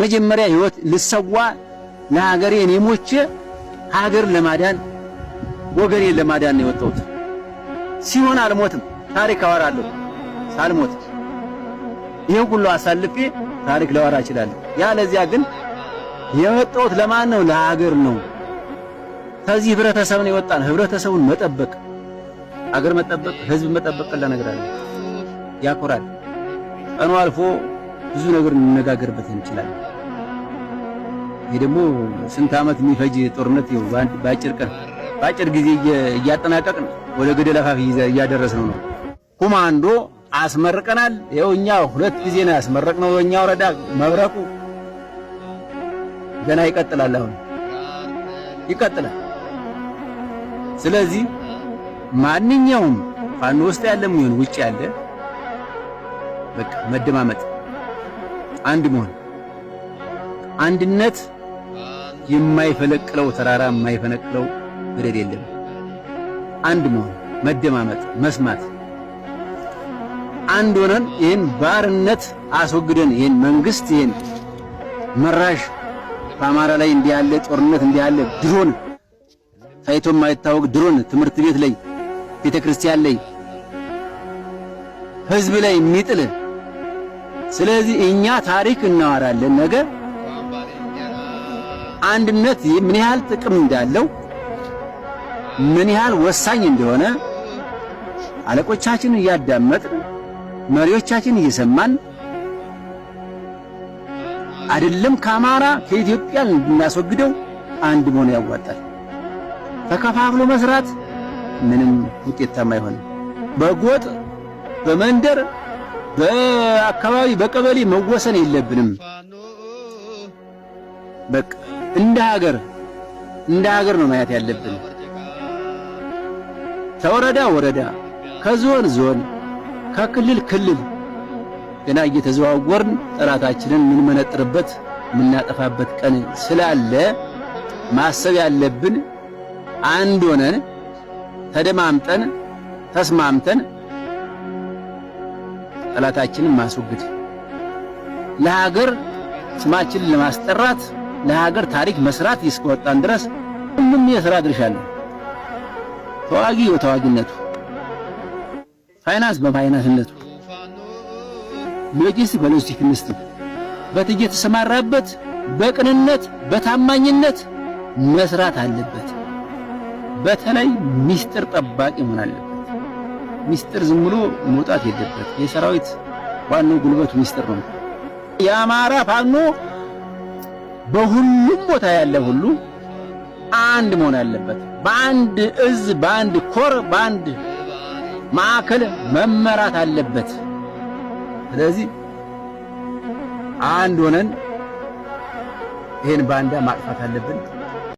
መጀመሪያ ህይወት ልሰዋ ለሀገሬ እኔ ሞቼ ሀገር ለማዳን ወገኔን ለማዳን ነው የወጣሁት። ሲሆን አልሞትም፣ ታሪክ አወራለሁ ሳልሞት ይህ ሁሉ አሳልፌ ታሪክ ላወራ እችላለሁ። ያለዚያ ግን የወጣሁት ለማን ነው? ለሀገር ነው። ከዚህ ህብረተሰብ ነው የወጣን። ህብረተሰቡን መጠበቅ፣ አገር መጠበቅ፣ ህዝብ መጠበቅ ለነገር አለ ያኮራል ቀኑ አልፎ ብዙ ነገር እንነጋገርበት እንችላለን። ይሄ ደግሞ ስንት ዓመት የሚፈጅ ጦርነት ይኸው በአጭር ቀን በአጭር ጊዜ እያጠናቀቅን ወደ ገደል አፋፍ እያደረስነው ነው። ኮማንዶ አስመርቀናል። ይኸው እኛ ሁለት ጊዜ ነው ያስመረቅነው። እኛ ወረዳ መብረቁ ገና ይቀጥላል። አሁን ይቀጥላል። ስለዚህ ማንኛውም ፋኖ ውስጥ ያለም ይሁን ውጭ ያለ በቃ መደማመጥ አንድ መሆን አንድነት የማይፈለቅለው ተራራ የማይፈነቅለው ገደል የለም። አንድ መሆን፣ መደማመጥ፣ መስማት አንድ ሆነን ይህን ባርነት አስወግደን ይህን መንግስት ይህን መራሽ በአማራ ላይ እንዲያለ ጦርነት እንዲያለ ድሮን ታይቶ የማይታወቅ ድሮን ትምህርት ቤት ላይ ቤተክርስቲያን ላይ ህዝብ ላይ የሚጥል ስለዚህ እኛ ታሪክ እናወራለን። ነገ አንድነት ምን ያህል ጥቅም እንዳለው ምን ያህል ወሳኝ እንደሆነ አለቆቻችን እያዳመጥን መሪዎቻችን እየሰማን አይደለም ከአማራ ከኢትዮጵያ እንድናስወግደው አንድ መሆኑ ያዋጣል። ተከፋፍሎ መስራት ምንም ውጤታማ አይሆንም። በጎጥ በመንደር በአካባቢ በቀበሌ መወሰን የለብንም። በቃ እንደ ሀገር እንደ ሀገር ነው ማየት ያለብን። ከወረዳ ወረዳ፣ ከዞን ዞን፣ ከክልል ክልል ገና እየተዘዋወርን ጠላታችንን የምንመነጥርበት የምናጠፋበት ቀን ስላለ ማሰብ ያለብን አንድ ሆነን ተደማምጠን ተስማምተን ጠላታችንን ማስወግድ፣ ለሀገር ስማችንን ለማስጠራት፣ ለሀገር ታሪክ መስራት እስከወጣን ድረስ ሁሉም የሥራ ድርሻ አለ። ተዋጊ በተዋጊነቱ፣ ፋይናንስ በፋይናንስነቱ፣ ሎጂስቲክ በሎጂስቲክነቱ በትጅ በቅንነት በታማኝነት መስራት አለበት። በተለይ ሚስጥር ጠባቂ መሆን አለበት። ሚስጥር ዝም ብሎ መውጣት የለበት። የሰራዊት ዋናው ጉልበቱ ሚስጥር ነው። የአማራ ፋኖ በሁሉም ቦታ ያለ ሁሉ አንድ መሆን አለበት። በአንድ እዝ፣ በአንድ ኮር፣ በአንድ ማዕከል መመራት አለበት። ስለዚህ አንድ ሆነን ይህን ባንዳ ማጥፋት አለብን።